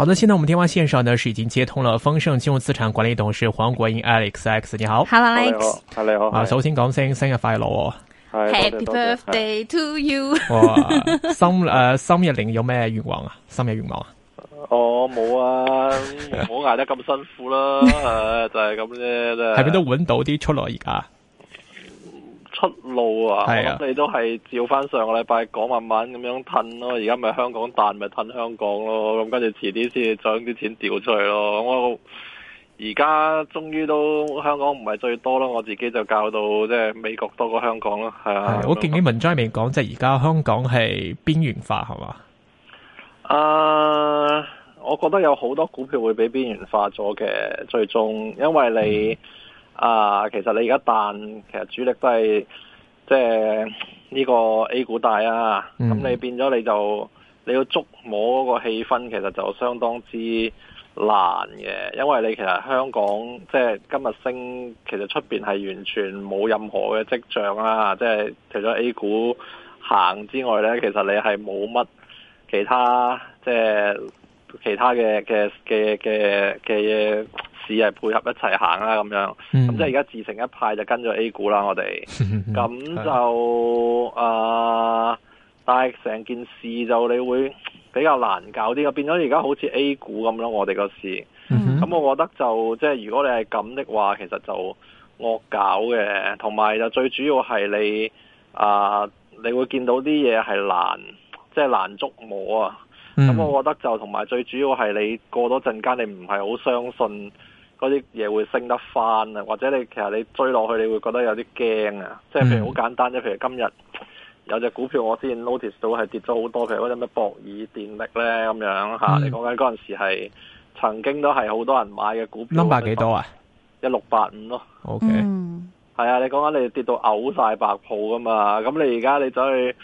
好的，現在我們電話線上呢是已經接通了豐盛金融資產管理董事黃國英 Alex X，你好，Hello Alex 你好，你好是首先講聲生日快樂 Happy Birthday to you，哇，心誒， 生日零有咩願望啊？生日願望啊？我冇 啊，冇捱得咁辛苦啦，誒，就係咁啫，係咪都揾到啲出路而家，啊？出路啊！啊，你都係照翻上個禮拜講，慢慢咁樣褪咯。而家咪香港彈，咪褪香港咯。咁跟住遲啲先，將啲錢調出去咯。我而家終於都香港唔係最多咯，我自己就教到即係美國多過香港咯。係啊，啊，我見見文章入面講，即係而家香港係邊緣化係嘛？啊，我覺得有好多股票會畀邊緣化咗嘅，最終因為你。嗯啊，uh, 其實你而家彈，其實主力都係即係呢個 A 股大啊，咁、mm. 你變咗你就你要捉摸嗰個氣氛，其實就相當之難嘅，因為你其實香港即係、就是、今日升，其實出邊係完全冇任何嘅跡象啦、啊，即係除咗 A 股行之外咧，其實你係冇乜其他即係、就是、其他嘅嘅嘅嘅嘅嘢。只係配合一齊行啦，咁樣，咁、嗯、即係而家自成一派，就跟咗 A 股啦，我哋， 咁就啊，但係成件事就你會比較難搞啲，變咗而家好似 A 股咁咯，我哋個市，咁我覺得就即係如果你係咁的話，其實就惡搞嘅，同埋就最主要係你啊、呃，你會見到啲嘢係難，即、就、係、是、難捉摸啊，咁、嗯、我覺得就同埋最主要係你過多陣間，你唔係好相信。嗰啲嘢會升得翻啊，或者你其實你追落去，你會覺得有啲驚啊，即係譬如好簡單啫，嗯、譬如今日有隻股票我之前 notice 跌到係跌咗好多，譬如嗰隻咩博爾電力咧，咁樣嚇、嗯啊，你講緊嗰陣時係曾經都係好多人買嘅股票，number 幾多啊？一六八五咯，OK，係、嗯、啊，你講緊你跌到嘔晒白泡噶嘛，咁你而家你走去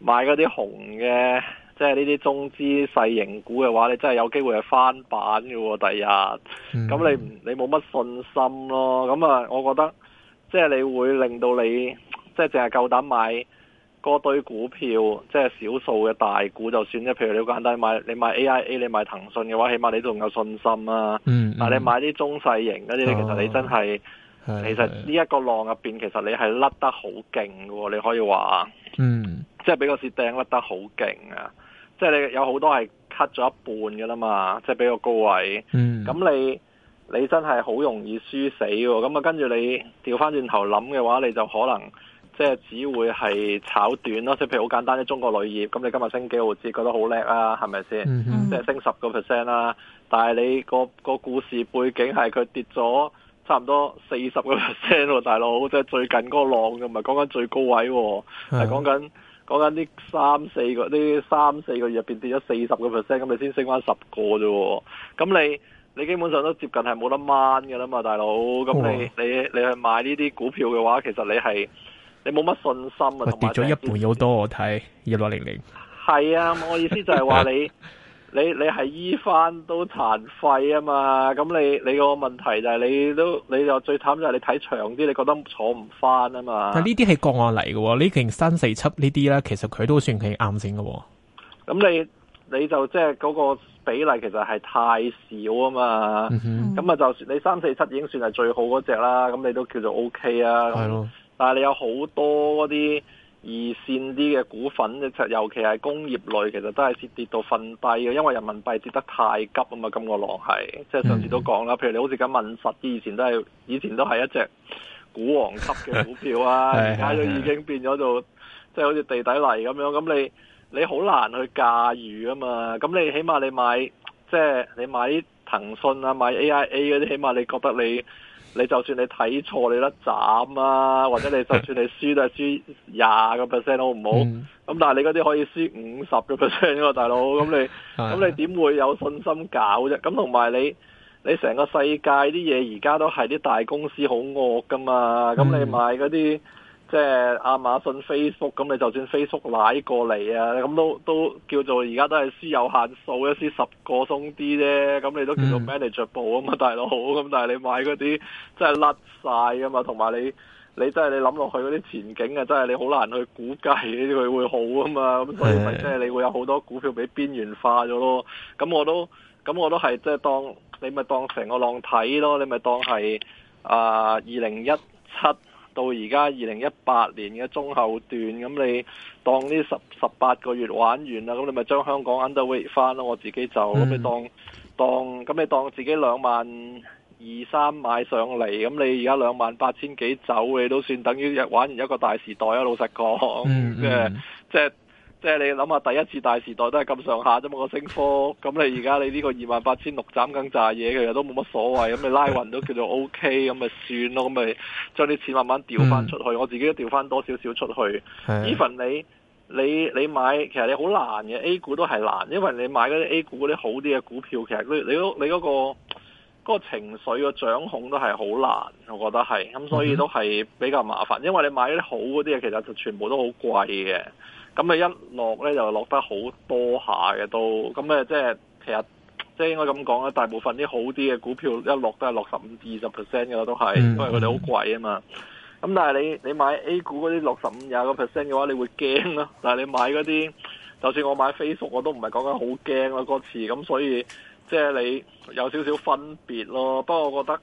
買嗰啲紅嘅？即係呢啲中資細型股嘅話，你真係有機會係翻版嘅喎、哦，第日。咁、嗯、你你冇乜信心咯。咁啊，我覺得即係你會令到你即係淨係夠膽買嗰堆股票，即係少數嘅大股就算啫。譬如你好簡單，買你買 AIA，你買騰訊嘅話，起碼你仲有信心啊。嗯嗯、但係你買啲中細型嗰啲咧，哦、其實你真係、嗯嗯、其實呢一個浪入邊，其實你係甩得好勁嘅喎，你可以話。嗯。即係比較似掟甩得好勁啊！嗯即係你有好多係 cut 咗一半嘅啦嘛，即係比較高位。嗯，咁你你真係好容易輸死喎。咁啊跟住你調翻轉頭諗嘅話，你就可能即係只會係炒短咯。即係譬如好簡單，啲中國鋁業，咁你今日升幾毫子，覺得好叻啊，係咪先？嗯、即係升十個 percent 啦。但係你個、嗰個故事背景係佢跌咗差唔多四十個 percent 喎，大佬即係最近嗰個浪，唔係講緊最高位喎、啊，係講緊。講緊呢三四個，呢三四個月入邊跌咗四十個 percent，咁你先升翻十個啫喎！咁你你基本上都接近係冇得掹㗎啦嘛，大佬。咁你你你去買呢啲股票嘅話，其實你係你冇乜信心啊。我跌咗一半有多，我睇一六零零。係啊，我意思就係話你。 你你係醫翻都殘廢啊嘛，咁你你個問題就係你都你又最慘就係你睇長啲，你覺得坐唔翻啊嘛。但係呢啲係個案嚟嘅喎，呢件三四七呢啲咧，其實佢都算係癌症嘅喎。咁你你就即係嗰個比例其實係太少啊嘛。咁啊、嗯哼，就算你三四七已經算係最好嗰隻啦，咁你都叫做 O、OK、K 啊。係咯的。但係你有好多嗰啲。二線啲嘅股份，尤其係工業類，其實都係跌跌到瞓低嘅，因為人民幣跌得太急啊嘛，咁個浪係，即係上次都講啦。譬如你好似咁問實，以前都係，以前都係一隻股王級嘅股票啊，而家都已經變咗做，即係好似地底泥咁樣。咁你你好難去駕馭啊嘛。咁你起碼你買，即係你買啲騰訊啊，買 AIA 嗰啲，起碼你覺得你。你就算你睇錯你得斬啊，或者你就算你輸都係輸廿個 percent 都好唔好？咁 但係你嗰啲可以輸五十個 percent 喎，大佬。咁你咁 你點會有信心搞啫？咁同埋你你成個世界啲嘢而家都係啲大公司好惡㗎嘛？咁你買嗰啲。 即係亞馬遜、Facebook，咁你就算 Facebook 奶過嚟啊，咁都都叫做而家都係輸有限數，一輸十個鬆啲啫，咁你都叫做 manageable 啊嘛，大佬。咁但係你買嗰啲真係甩晒啊嘛，同埋你你真係你諗落去嗰啲前景啊，真係你好難去估計呢啲佢會好啊嘛，所以咪，即係你會有好多股票俾邊緣化咗咯。咁我都咁我都係即係當你咪當成個浪睇咯，你咪當係啊二零一七。呃到而家二零一八年嘅中後段，咁你當呢十十八個月玩完啦，咁你咪將香港 underweight 翻咯。我自己就咁你當當，咁你當自己兩萬二三買上嚟，咁、嗯、你而家兩萬八千幾走，你都算等於玩完一個大時代啊！老實講，嗯嗯、即係即係你諗下，第一次大時代都係咁上下啫嘛，個升幅，咁你而家你呢個二萬八千六斬緊炸嘢，其實都冇乜所謂。咁你拉勻都叫做 O K，咁咪算咯。咁咪將啲錢慢慢調翻出去。嗯、我自己都調翻多少少出去。Even 的你你你買，其實你好難嘅 A 股都係難，因為你買嗰啲 A 股嗰啲好啲嘅股票，其實你你嗰、嗰個、你、嗰個嗰個情緒嘅掌控都係好難，我覺得係。咁所以都係比較麻煩，因為你買啲好嗰啲嘢，其實就全部都好貴嘅。咁咪一落咧，就落得好多下嘅，都。咁咧即係，其實即係應該咁講啦。大部分啲好啲嘅股票一落都係落十五至二十 percent 嘅啦，都係，因為佢哋好貴啊嘛。咁但係你你買 A 股嗰啲落十五廿個 percent 嘅話，你會驚咯。但係你買嗰啲，就算我買 Facebook，我都唔係講緊好驚啦嗰次。咁所以即係你有少少分別咯。不過我覺得。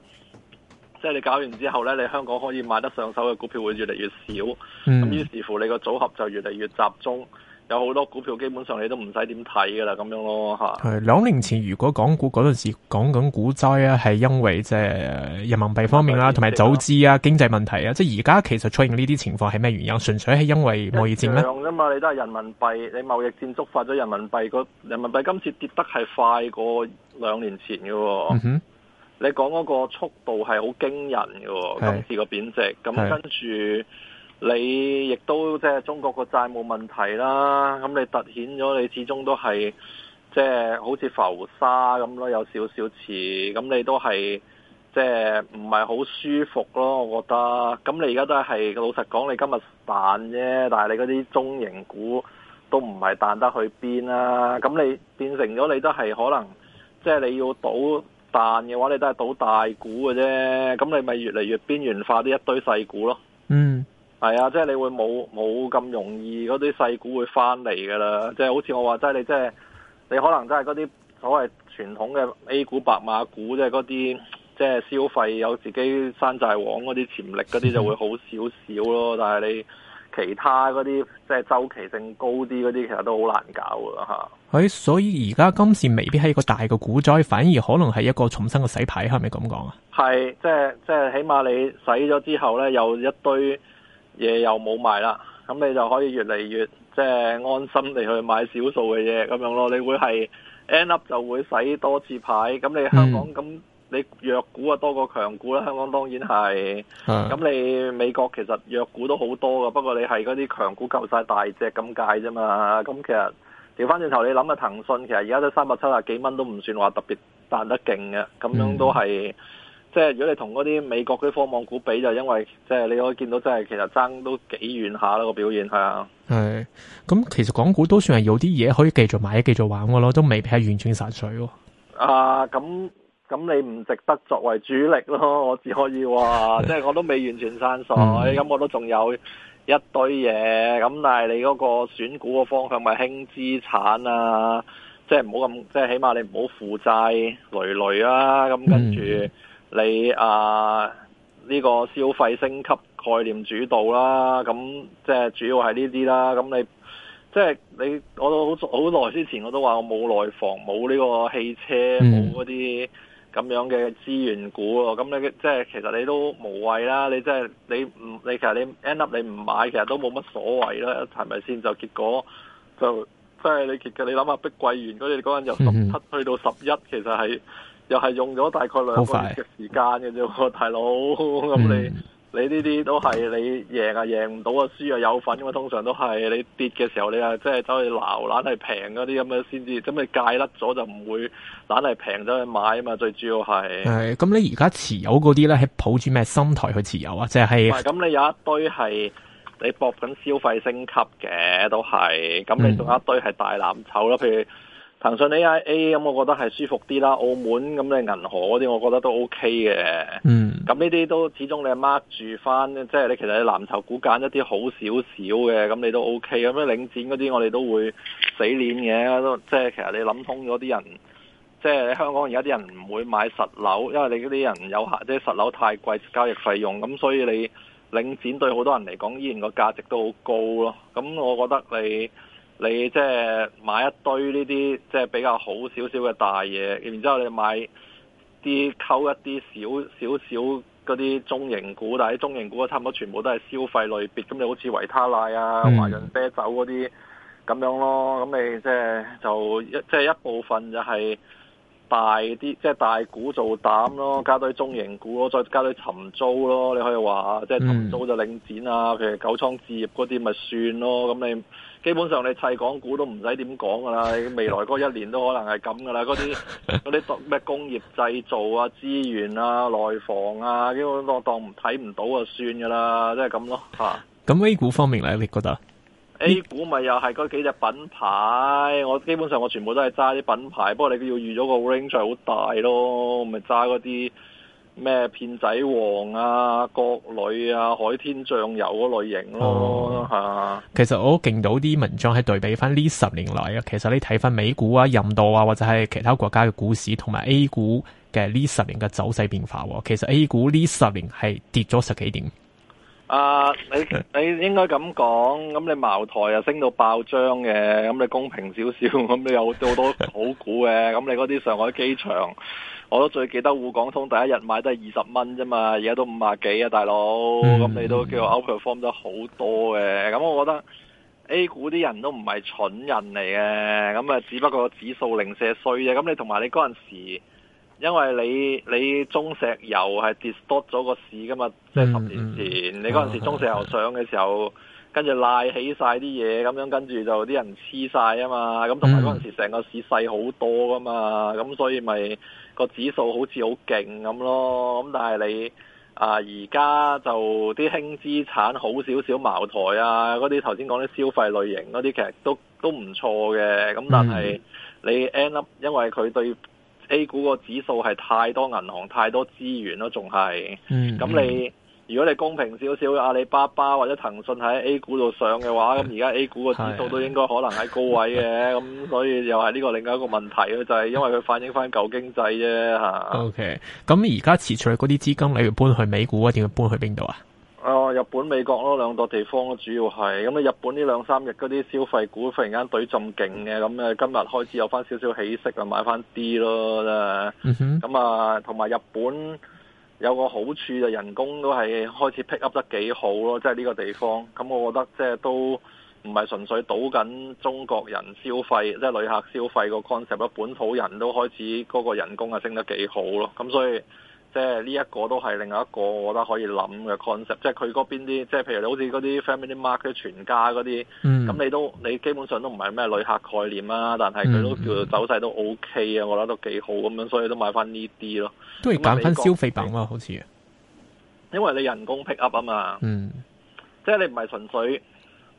即係你搞完之後呢，你香港可以買得上手嘅股票會越嚟越少，咁於、嗯、是乎你個組合就越嚟越集中，有好多股票基本上你都唔使點睇噶啦，咁樣咯吓。係兩年前如果講股嗰陣時講緊股災啊，係因為即係、呃、人民幣方面啦，同埋走資啊、啊經濟問題啊。即係而家其實出現呢啲情況係咩原因？純粹係因為貿易戰咩？一樣啫嘛，你都係人民幣，你貿易戰觸發咗人民幣個人民幣今次跌得係快過兩年前嘅。嗯哼。你講嗰個速度係好驚人嘅，是今次個貶值，咁是跟住你亦都即係、就是、中國個債務問題啦。咁你突顯咗，你始終都係即係好似浮沙咁咯，有少少似。咁你都係即係唔係好舒服咯，我覺得。咁你而家都係老實講，你今日彈啫，但係你嗰啲中型股都唔係彈得去邊啦、啊。咁你變成咗，你都係可能即係、就是、你要賭。彈嘅話，你都係賭大股嘅啫，咁你咪越嚟越邊緣化啲一堆細股咯。嗯 係啊，即係你會冇冇咁容易嗰啲細股會返嚟㗎啦。即係好似我話齋，你即係你可能真係嗰啲所謂傳統嘅 A 股白馬股，即係嗰啲即係消費有自己山寨王嗰啲潛力嗰啲，就會好少少咯。但係你。其他嗰啲即係周期性高啲嗰啲，其實都好難搞㗎嚇。係、欸，所以而家今次未必係一個大嘅股災，反而可能係一個重新嘅洗牌，係咪咁講啊？係，即係即係，起碼你洗咗之後呢，又一堆嘢又冇埋啦，咁你就可以越嚟越即係安心地去買少數嘅嘢咁樣咯。你會係 end up 就會洗多次牌，咁你香港咁、嗯。你弱股啊多過強股啦，香港當然係咁。的你美國其實弱股都好多噶，不過你係嗰啲強股夠晒大隻咁解啫嘛。咁其實調翻轉頭，你諗下騰訊其實而家都三百七啊幾蚊都唔算話特別彈得勁嘅，咁樣都係即係。如果你同嗰啲美國啲科網股比，就因為即係你可以見到，即係其實爭都幾遠下啦個表現係啊。係咁，其實港股都算係有啲嘢可以繼續買、繼續玩嘅咯，都未必係完全散水喎。水啊，咁。咁你唔值得作為主力咯，我只可以話，即係我都未完全散水，咁 我都仲有一堆嘢。咁但係你嗰個選股嘅方向咪輕資產啊，即係唔好咁，即係起碼你唔好負債累累啊。咁 跟住你啊，呢、這個消費升級概念主導啦、啊，咁即係主要係呢啲啦。咁你即係你，我都好好耐之前我都話我冇內房，冇呢個汽車，冇嗰啲。咁樣嘅資源股咯，咁你即係其實你都無謂啦，你即係你唔你其實你 end up 你唔買，其實都冇乜所謂啦，係咪先？就結果就即係你其實你諗下，碧桂園佢哋嗰陣由十七去到十一，其實係又係用咗大概兩個月嘅時間嘅啫喎，快 大佬咁你。嗯你呢啲都係你贏啊贏唔到啊輸啊有份咁啊，通常都係你跌嘅時候你啊即係走去撈，攞嚟平嗰啲咁樣先至，咁你戒甩咗就唔會攞嚟平咗去買啊嘛，最主要係。係咁、嗯、你而家持有嗰啲咧係抱住咩心態去持有啊？即、就、係、是嗯。唔係咁你有一堆係你博緊消費升級嘅，都係咁你仲有一堆係大藍籌咯，譬如。騰訊 AIA 咁，我覺得係舒服啲啦。澳門咁你銀河嗰啲，我覺得都 OK 嘅。嗯。咁呢啲都始終你係 mark 住翻，即係你其實你藍籌股揀一啲好少少嘅，咁你都 OK。咁咧領展嗰啲，我哋都會死鏈嘅。都即係其實你諗通咗啲人，即係香港而家啲人唔會買實樓，因為你嗰啲人有客，即係實樓太貴交易費用，咁所以你領展對好多人嚟講依然個價值都好高咯。咁我覺得你。你即係買一堆呢啲即係比較好少少嘅大嘢，然之後你買啲溝一啲少少少嗰啲中型股，但係啲中型股啊差唔多全部都係消費類別，咁你好似維他奶啊、華潤啤酒嗰啲咁樣咯。咁你即係就一即係一部分就係大啲，即係大股做膽咯，加堆中型股咯，再加堆尋租咯。你可以話即係尋租就領展啊，譬如九倉置業嗰啲咪算咯。咁你。基本上你砌港股都唔使點講噶啦，未來嗰一年都可能係咁噶啦，嗰啲啲咩工業製造啊、資源啊、內房啊，基本當當唔睇唔到就、就是、啊，算噶啦，即係咁咯吓。咁 A 股方面咧，你覺得 A 股咪又係嗰幾隻品牌？我基本上我全部都係揸啲品牌，不過你要預咗個 range 向好大咯，咪揸嗰啲。咩片仔癀啊、國旅啊、海天醬油嗰類型咯，係、哦啊、其實我都勁到啲文章係對比翻呢十年來啊。其實你睇翻美股啊、印度啊或者係其他國家嘅股市，同埋 A 股嘅呢十年嘅走勢變化。其實 A 股呢十年係跌咗十幾點。啊，你你應該咁講，咁你茅台又升到爆漲嘅，咁你公平少少，咁你有好多，多好股嘅，咁你嗰啲上海機場。我都最記得滬港通第一日買都係二十蚊啫嘛，而家都五啊幾啊，大佬，咁、嗯、你都叫做 outperform 咗好多嘅。咁我覺得 A 股啲人都唔係蠢人嚟嘅，咁啊，只不過指數零舍衰啫。咁你同埋你嗰陣時，因為你你中石油係跌多咗個市噶嘛，即係十年前、嗯嗯、你嗰陣時中石油上嘅時候，嗯嗯嗯、跟住拉起晒啲嘢，咁樣跟住就啲人黐晒啊嘛，咁同埋嗰陣時成個市細好多噶嘛，咁、嗯嗯嗯、所以咪。個指數好似好勁咁咯，咁但係你啊，呃、而家就啲輕資產好少少，茅台啊，嗰啲頭先講啲消費類型嗰啲，其實都都唔錯嘅。咁但係你 end up，因為佢對 A 股個指數係太多銀行、太多資源咯，仲係，咁、嗯嗯、你。如果你公平少少，阿里巴巴或者騰訊喺 A 股度上嘅話，咁而家 A 股嘅指數都應該可能喺高位嘅，咁 所以又係呢個另一個問題就係、是、因為佢反映翻舊經濟啫嚇。OK，咁而家持住嗰啲資金，你要搬去美股啊？定要搬去邊度啊？日本、美國咯，兩度地方主要係咁啊。日本呢兩三日嗰啲消費股忽然間對咁勁嘅，咁啊，今日開始有翻少少起色啦，買翻啲咯咁啊，同埋、mm hmm. 日本。有個好處就人工都係開始 pick up 得幾好咯，即係呢個地方。咁我覺得即係都唔係純粹賭緊中國人消費，即係旅客消費個 concept，本土人都開始嗰個人工啊升得幾好咯。咁所以。即係呢一個都係另外一個，我覺得可以諗嘅 concept。即係佢嗰邊啲，即係譬如你好似嗰啲 family market，全家嗰啲，咁、嗯、你都你基本上都唔係咩旅客概念啦、啊。但係佢都叫做、嗯嗯、走勢都 O、OK、K 啊，我覺得都幾好咁樣，所以都買翻呢啲咯。都係揀翻消費品啊，好似。因為你人工 pick up 啊嘛，嗯，即係你唔係純粹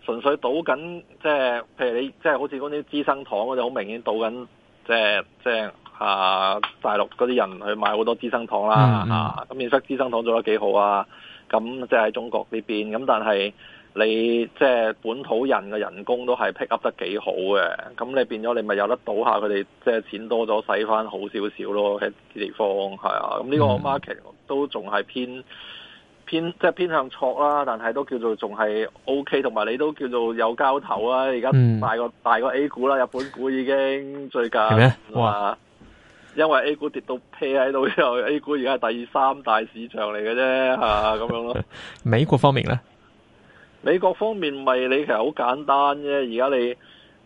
純粹倒緊，即係譬如你即係好似嗰啲資生堂嗰啲，好明顯倒緊，即係即係。啊！大陸嗰啲人去買好多資生堂啦，嗯嗯、啊咁，其實資生堂做得幾好啊！咁即係喺中國呢邊咁，但係你即係本土人嘅人工都係 pick up 得幾好嘅，咁你變咗你咪有得賭下佢哋，即係錢多咗使翻好少少咯，喺啲地方係啊！咁呢個 market、嗯、都仲係偏偏，偏即係偏向錯啦，但係都叫做仲係 O K，同埋你都叫做有交投啊！而家大個、嗯、大個 A 股啦，日本股已經最近哇～因為 A 股跌到屁喺度之後，A 股而家係第三大市場嚟嘅啫，吓咁樣咯。 美國方面咧，美國方面咪你其實好簡單啫，而家你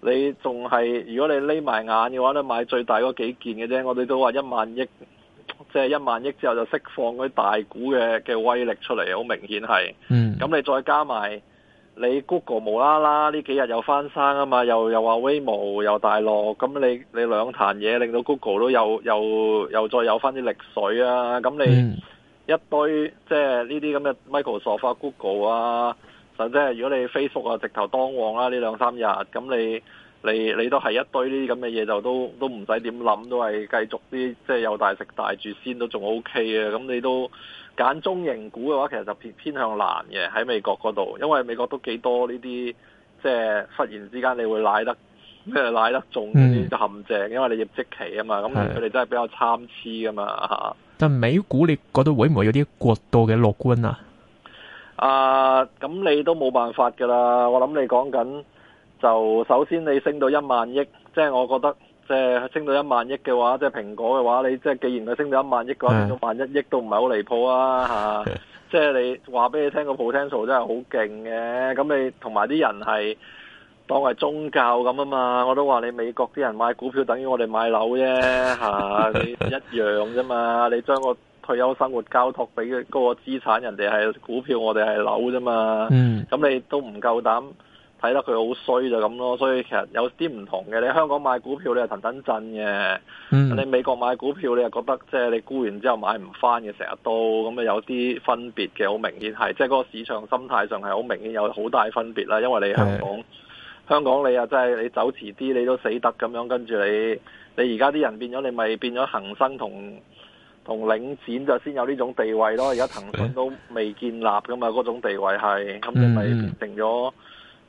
你仲係如果你匿埋眼嘅話，你買最大嗰幾件嘅啫。我哋都話一萬億，即係一萬億之後就釋放嗰啲大股嘅嘅威力出嚟，好明顯係。嗯。咁你再加埋。你 Google 無啦啦呢幾日又翻生啊嘛，又又話 Waymo 又大落，咁你你兩壇嘢令到 Google 都有，又又再有翻啲力水啊，咁你一堆即係、就、呢、是、啲咁嘅 Microsoft Google 啊，甚至係如果你 Facebook 啊直頭當旺啦、啊、呢兩三日，咁你你你都係一堆呢啲咁嘅嘢就都都唔使點諗都係繼續啲即係有大食大住先都仲 O K 啊。咁你都。揀中型股嘅話，其實就偏偏向難嘅喺美國嗰度，因為美國都幾多呢啲，即係忽然之間你會瀨得，即係瀨得重嗰啲陷阱，嗯、因為你業績期啊嘛，咁佢哋真係比較參差噶嘛吓。但美股你覺得會唔會有啲過度嘅樂觀啊？啊，咁你都冇辦法噶啦，我諗你講緊就首先你升到一萬億，即係我覺得。即係升到一萬億嘅話，即係蘋果嘅話，你即係既然佢升到一萬億嘅話，升到、嗯、萬一億都唔係好離譜啊嚇！啊嗯、即係你話俾你聽、個 potential 真係好勁嘅，咁你同埋啲人係當係宗教咁啊嘛！我都話你美國啲人買股票等於我哋買樓啫嚇、啊，你一樣啫嘛！你將個退休生活交託俾嘅嗰個資產，人哋係股票，我哋係樓啫嘛，咁你都唔夠膽。嗯睇得佢好衰就咁咯，所以其實有啲唔同嘅。你香港買股票，你係騰騰震嘅；嗯、你美國買股票，你又覺得即係、就是、你沽完之後買唔翻嘅，成日都咁啊，有啲分別嘅，好明顯係即係嗰個市場心態上係好明顯有好大分別啦。因為你香港，是香港你啊，真係你走遲啲，你都死得咁樣。跟住你，你而家啲人變咗，你咪變咗恆生同同領展，就先有呢種地位咯。而家騰訊都未建立噶嘛，嗰種地位係，咁即咪變成咗。嗯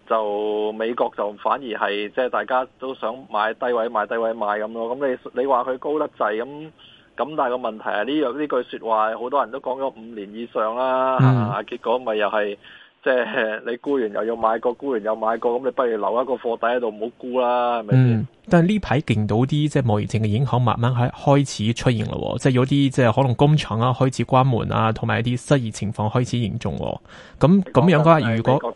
就美國，就反而係即係大家都想買低位買低位買咁咯，咁你你話佢高得滯，咁咁但係個問題啊，呢樣呢句說話，好多人都講咗五年以上啦，啊 Mm-hmm. 啊，結果咪又係。即係你沽完又要買過，沽完又買過，咁你不如留一個貨底喺度，唔好沽啦，係咪？嗯，但係呢排見到啲即係貿易戰嘅影響，慢慢開開始出現咯，即係、嗯、有啲即係可能工廠啊開始關門啊，同埋一啲失業情況開始嚴重。咁咁、就是、樣嘅話，如果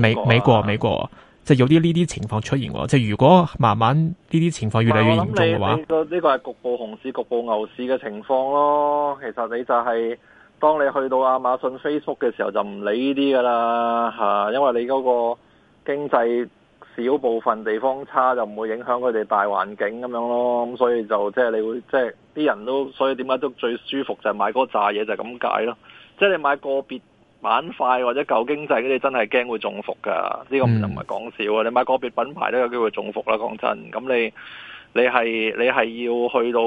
美美國，國、啊、美，美國即係有啲呢啲情況出現，即、就、係、是、如果慢慢呢啲情況越嚟越嚴重嘅話，呢、這個呢、這個係局部熊市、局部牛市嘅情況咯。其實你就係、是。當你去到亞馬遜、Facebook 嘅時候，就唔理呢啲㗎啦吓，因為你嗰個經濟少部分地方差，就唔會影響佢哋大環境咁樣咯。咁所以就即係、就是、你會即係啲人都，所以點解都最舒服就係買嗰扎嘢就係咁解咯。即係你買個別板塊或者舊經濟，你真係驚會中伏㗎。呢、這個唔係講笑啊！嗯、你買個別品牌都有機會中伏啦，講真。咁你你係你係要去到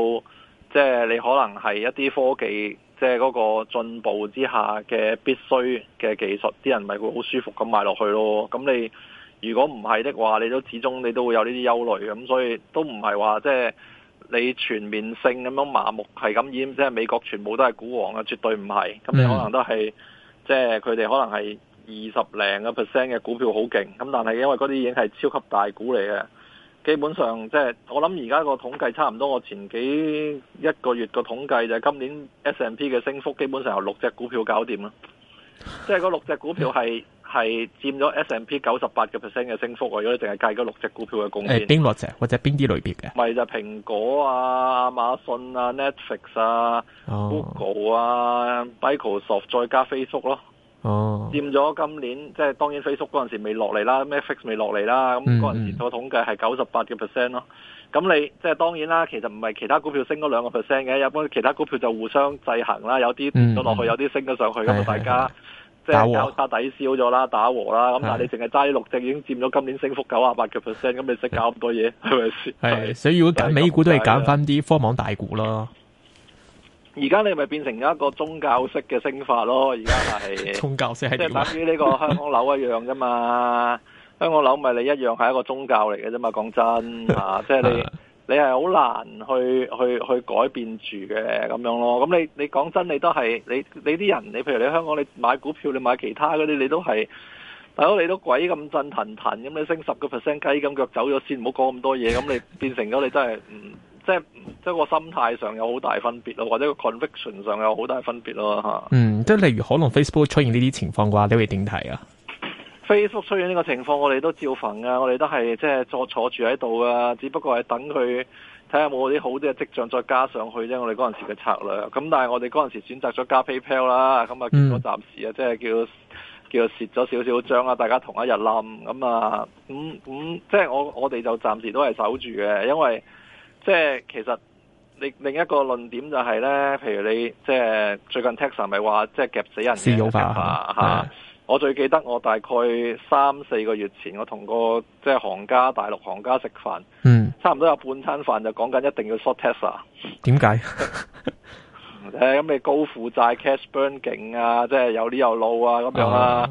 即係你可能係一啲科技。即係嗰個進步之下嘅必須嘅技術，啲人咪會好舒服咁買落去咯。咁你如果唔係的話，你都始終你都會有呢啲憂慮咁，所以都唔係話即係你全面性咁樣麻木係咁已，即係美國全部都係股王啊，絕對唔係。咁你可能都係即係佢哋可能係二十零個 percent 嘅股票好勁，咁但係因為嗰啲已經係超級大股嚟嘅。基本上即係、就是、我諗而家個統計差唔多，我前幾一個月個統計啫，就是、今年 S&P 嘅升幅基本上由六隻股票搞掂啦。即係嗰六隻股票係係佔咗 S& P 九十八個 percent 嘅升幅啊！如果淨係計嗰六隻股票嘅貢獻，邊六隻或者邊啲類別嘅？咪就蘋果啊、亞馬遜啊、Netflix 啊、哦、Google 啊、Microsoft 再加 Facebook 咯。哦，佔咗今年即係當然，Facebook 嗰陣時未落嚟啦，Netflix 未落嚟啦，咁嗰陣時我統計係九十八嘅 percent 咯。咁你即係當然啦，其實唔係其他股票升多兩個 percent 嘅，一般其他股票就互相制衡啦。有啲跌咗落去，有啲升咗上去咁啊！大家即係交叉抵消咗啦，打和啦。咁但係你淨係揸啲六隻已經佔咗今年升幅九啊八嘅 percent，咁你識搞咁多嘢係咪先？所以如果揀美股都係揀翻啲科網大股咯。而家你咪變成咗一個宗教式嘅升法咯，而家係宗教式係點啊？即係等於呢個香港樓一樣啫嘛。香港樓咪你一樣係一個宗教嚟嘅啫嘛。講真啊，即係你你係好難去去去改變住嘅咁樣咯。咁你你講真，你都係你你啲人，你譬如你香港你買股票，你買其他嗰啲，你都係大佬你都鬼咁震騰騰咁，你升十個 percent 雞咁腳走咗先，唔好講咁多嘢。咁你變成咗你都係唔～ 即係即係個心態上有好大分別咯，或者個 conviction 上有好大分別咯嚇。嗯，即係例如可能出 Facebook 出現呢啲情況嘅話，你會點睇啊？Facebook 出現呢個情況，我哋都照防啊。我哋都係即係坐坐住喺度啊。只不過係等佢睇下有冇啲好啲嘅跡象，再加上去啫。我哋嗰陣時嘅策略咁，但係我哋嗰陣時選擇咗加 PayPal 啦。咁啊，結果暫時啊，嗯、即係叫叫蝕咗少少張啦。大家同一日冧咁啊，咁咁、嗯嗯、即係我我哋就暫時都係守住嘅，因為。即係其實另另一個論點就係、是、咧，譬如你即係最近 Tesla 咪話即係夾死人嘅方法吓，吧啊、我最記得我大概三四個月前，我同個即係行家大陸行家食飯，嗯，差唔多有半餐飯就講緊一定要 tax, short Tesla。點解？誒、 啊，咁你高負債 cash burn 勁啊，即係有呢有路啊，咁樣啦，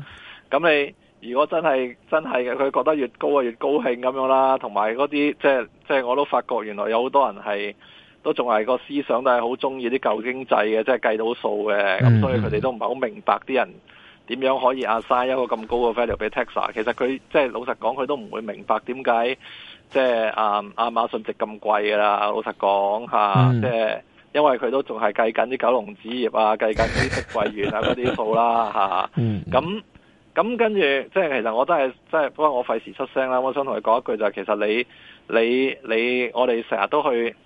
咁你。如果真係真係嘅，佢覺得越高啊越高興咁樣啦，同埋嗰啲即係即係我都發覺原來有好多人係都仲係個思想都係好中意啲舊經濟嘅，即係計到數嘅，咁所以佢哋都唔係好明白啲人點樣可以壓曬一個咁高嘅 value 俾 Tesla。其實佢即係老實講，佢都唔會明白點解即係啊亞馬遜值咁貴嘅啦。老實講嚇，即、啊、係、嗯、因為佢都仲係計緊啲九龍紙業啊，計緊啲碧桂園啊嗰啲數啦嚇。咁、啊嗯嗯嗯咁跟住，即係其實我真係，即係不過我費事出聲啦。我想同你講一句就係，其實你、你、你，我哋成日都去，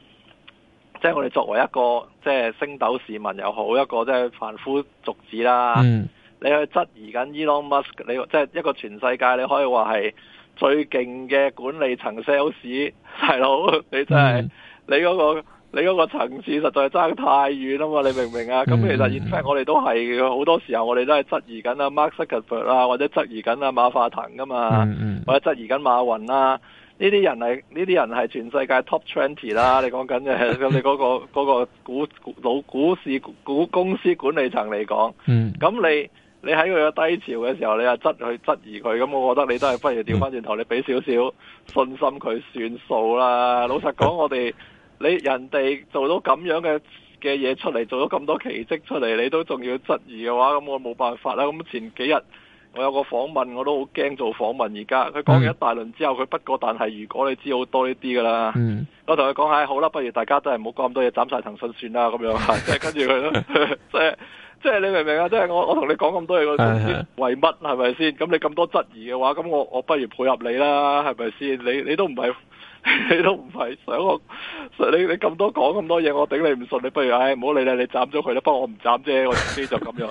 即係我哋作為一個即係星斗市民又好，一個即係凡夫俗子啦。嗯、你去質疑緊 Elon Musk，你即係一個全世界你可以話係最勁嘅管理層 sales 大佬，你真係、嗯、你嗰、嗰個。你嗰個層次實在爭太遠啦、啊、嘛！你明唔明啊？咁、mm hmm. 其實 in fact，我哋都係好多時候，我哋都係質疑緊阿 Mark Zuckerberg 啊，或者質疑緊阿馬化騰噶嘛，mm hmm. 或者質疑緊馬雲啦、啊。呢啲人係呢啲人係全世界 top twenty 啦、啊。你講緊嘅咁，你嗰個股老股市股，股，股，股公司管理層嚟講，咁、mm hmm. 你你喺佢個低潮嘅時候，你又質去質疑佢，咁我覺得你都係不如調翻轉頭，mm hmm. 你俾少少信心佢算數啦。老實講，我哋。你人哋做到咁樣嘅嘅嘢出嚟，做到咁多奇迹出嚟，你都仲要質疑嘅話，咁我冇辦法啦。咁前幾日我有個訪問，我都好驚做訪問。而家佢講完一大輪之後，佢不過但係如果你知好多呢啲噶啦，嗯、我同佢講下，好啦，不如大家都係唔好講咁多嘢，斬晒騰訊算啦，咁樣 即係跟住佢咯，即係即係你明唔明啊？即係我我同你講咁多嘢，我唔知為乜，係咪先？咁你咁多質疑嘅話，咁我我不如配合你啦，係咪先？你你，你都唔係。你都唔係想我，你你咁多講咁多嘢，我頂你唔順，你不如唉，唔好理你，你斬咗佢啦。不過我唔斬啫，我自己就咁樣。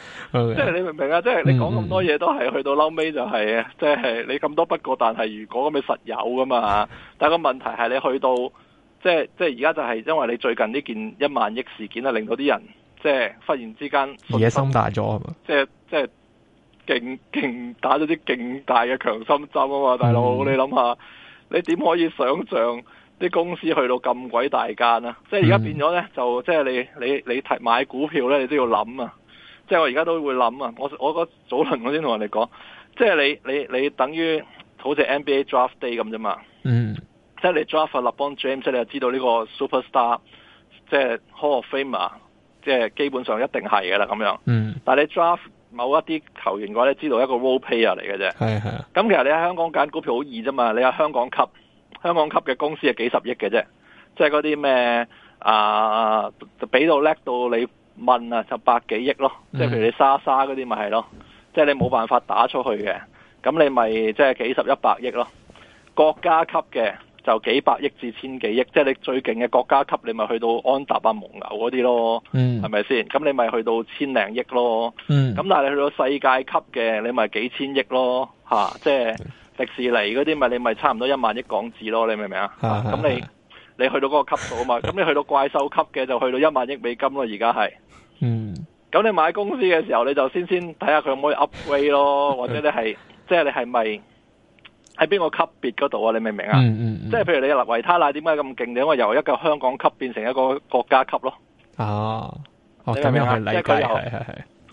即係你明唔明啊？即係你講咁多嘢都係去到後尾就係，即係你咁多不過，但係如果咁咪實有㗎嘛？但個問題係你去到，即係即係而家就係因為你最近呢件一萬億事件啊，令到啲人即係忽然之間野心大咗係嘛？即係即係勁勁打咗啲勁大嘅強心針啊嘛！大佬，你諗下。你點可以想象啲公司去到咁鬼大間啊？即係而家變咗咧,就即係你你你提買股票咧，你都要諗啊！即係我而家都會諗啊！我我嗰早輪我先同人哋講，即係你你你等於好似 NBA draft day 咁啫嘛。嗯。即係你 draft 翻 LeBron James，即係你就知道呢個 superstar，即係 Hall of Famer，即係基本上一定係噶啦咁樣。嗯。但係你 draft。.某一啲球員嘅話咧，你知道一個 role player 嚟嘅啫。係係。咁 其實你喺香港揀股票好易啫嘛，你喺香港級、香港級嘅公司係幾十億嘅啫，即係嗰啲咩啊，就俾到叻到你問啊，就百幾億咯。即係譬如你莎莎嗰啲咪係咯，即係你冇辦法打出去嘅，咁你咪即係幾十一百億咯。國家級嘅。就幾百億至千幾億，即係你最勁嘅國家級，你咪去到安踏啊、蒙牛嗰啲咯，係咪先？咁你咪去到千零億咯，咁、嗯、但係你去到世界級嘅，你咪幾千億咯，嚇！即係迪士尼嗰啲，咪你咪差唔多一萬億港紙咯，你明唔明啊？咁、啊、你你去到嗰個級數啊嘛，咁 你去到怪獸級嘅就去到一萬億美金咯，而家係。嗯。咁你買公司嘅時候，你就先先睇下佢可唔可以 upgrade 咯，或者你係即係你係咪？喺邊個級別嗰度啊？你明唔明啊？嗯嗯、即係譬如你立維他奶點解咁勁？你因為由一個香港級變成一個國家級咯。哦，你明唔明啊？即係佢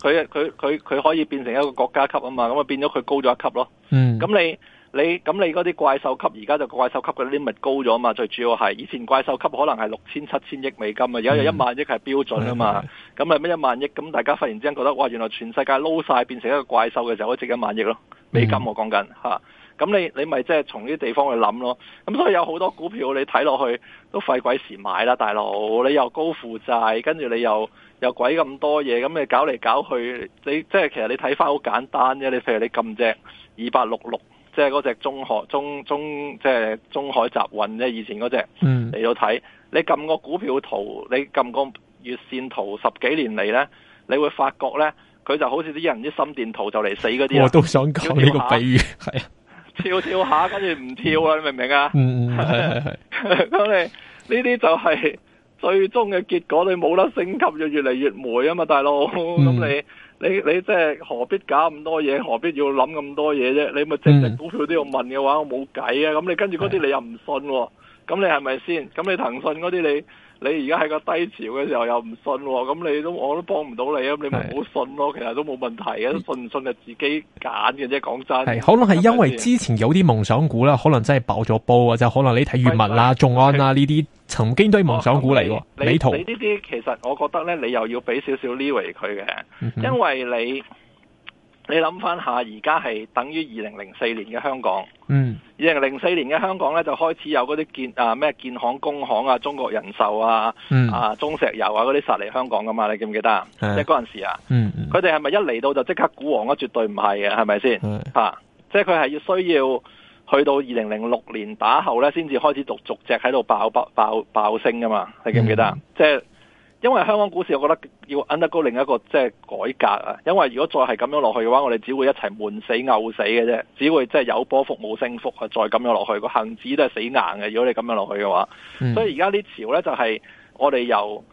係佢佢佢可以變成一個國家級啊嘛，咁啊變咗佢高咗一級咯。咁、嗯、你你咁你嗰啲怪獸級而家就怪獸級嘅 limit 高咗嘛？最主要係以前怪獸級可能係六千七千億美金啊，而家有一萬億係標準啊嘛。咁啊咩一萬億？咁大家忽然之間覺得哇，原來全世界撈晒變成一個怪獸嘅時候，可以值一萬億咯？美金我講緊吓。嗯嗯咁你你咪即係從呢啲地方去諗咯。咁所以有好多股票你睇落去都費鬼時買啦，大佬。你又高負債，跟住你又又鬼咁多嘢，咁你搞嚟搞去，你即係其實你睇返好簡單啫。你譬如你撳隻二八六六，即係嗰隻中海中中即係中海集運啫，以前嗰隻。嗯、嚟到睇你撳個股票圖，你撳個月線圖十幾年嚟呢，你會發覺呢，佢就好似啲人啲心電圖就嚟死嗰啲。我都想講呢個比喻下，係 跳跳下，跟住唔跳喇！嗯、你明唔明啊？嗯，係係係，咁你呢啲就係最終嘅結果，你冇得升級，就越嚟越霉啊嘛，大佬！咁、嗯、 你你你即係何必搞咁多嘢？何必要諗咁多嘢啫？你咪直情股票都要問嘅話，嗯、我冇計啊！咁你跟住嗰啲，你又唔信喎、啊？嗯 咁你係咪先？咁你騰訊嗰啲你你而家喺個低潮嘅時候又唔信喎，咁你都我都幫唔到你啊！你咪唔好信咯，其實都冇問題嘅，信唔信就自己揀嘅啫。講真，係可能係因為之前有啲夢想股啦，可能真係爆咗煲啊！就可能你睇閱文啦、眾安啦呢啲，曾經都係夢想股嚟。美圖你呢啲其實我覺得咧，你又要俾少少 leeway 佢嘅，因為你。你諗翻下，而家係等於二零零四年嘅香港。嗯。二零零四年嘅香港咧，就開始有嗰啲建啊咩建行、工行啊、中國人壽啊、嗯、啊中石油啊嗰啲殺嚟香港噶嘛？你記唔記得啊？即係嗰陣時啊。嗯，佢哋係咪一嚟到就即刻股王啊？絕對唔係嘅，係咪先？吓，即係佢係要需要去到二零零六年打後咧，先至開始逐逐隻喺度爆爆爆爆升噶嘛？你記唔記得啊、嗯嗯？即係。即因為香港股市，我覺得要 undergo 另一個即係改革啊！因為如果再係咁樣落去嘅話，我哋只會一齊悶死、嘔死嘅啫，只會即係有波幅冇升幅啊！再咁樣落去個恆指都係死硬嘅。如果你咁樣落去嘅話，嗯、所以而家啲潮呢，就係、是、我哋由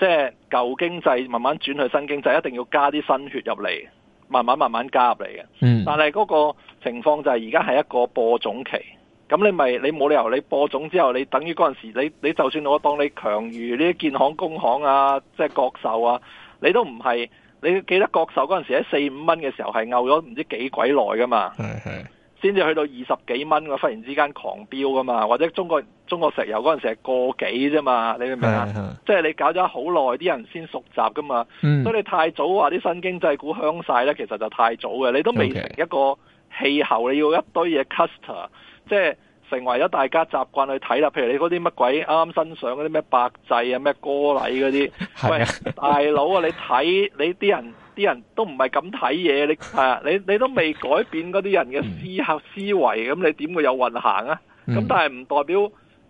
即係舊經濟慢慢轉去新經濟，一定要加啲新血入嚟，慢慢慢慢加入嚟嘅。嗯、但係嗰個情況就係而家係一個播種期。咁你咪你冇理由你播種之後，你等於嗰陣時，你你就算我當你強如呢啲建行、工行啊，即係國壽啊，你都唔係你記得國壽嗰陣時喺四五蚊嘅時候係拗咗唔知幾鬼耐噶嘛，先至是去到二十幾蚊，忽然之間狂飆噶嘛，或者中國中國石油嗰陣時係個幾啫嘛，你明唔明啊？係係係即係你搞咗好耐，啲人先熟習噶嘛，嗯、所以你太早話啲新經濟股香晒呢，其實就太早嘅，你都未成一個氣候，你要一堆嘢 cluster 即係成為咗大家習慣去睇啦，譬如你嗰啲乜鬼啱啱新上嗰啲咩百濟啊、咩歌禮嗰啲， 是啊、喂大佬啊，你睇你啲人啲人都唔係咁睇嘢，你啊你你都未改變嗰啲人嘅思考、嗯、思維，咁你點會有運行啊？咁、嗯、但係唔代表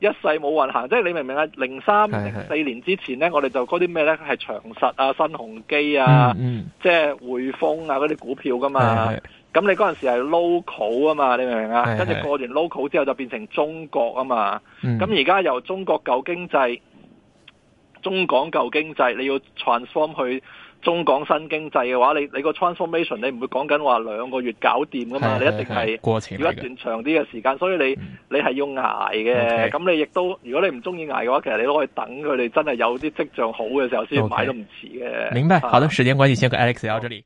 一世冇運行，即、就、係、是、你明唔明啊？零三零四年之前咧，是是我哋就嗰啲咩咧係長實啊、新鴻基啊，即係匯豐啊嗰啲股票噶嘛。是是咁你嗰陣時係 local 啊嘛，你明唔明啊？跟住過完 local 之後就變成中國啊嘛。咁而家由中國舊經濟、中港舊經濟，你要 transform 去中港新經濟嘅話，你你個 transformation 你唔會講緊話兩個月搞掂噶嘛？你一定係要一段長啲嘅時間，所以你你係要捱嘅。咁你亦都，如果你唔中意捱嘅話，其實你都可以等佢哋真係有啲跡象好嘅時候先買都唔遲嘅。明白。好的，時間關係先跟 Alex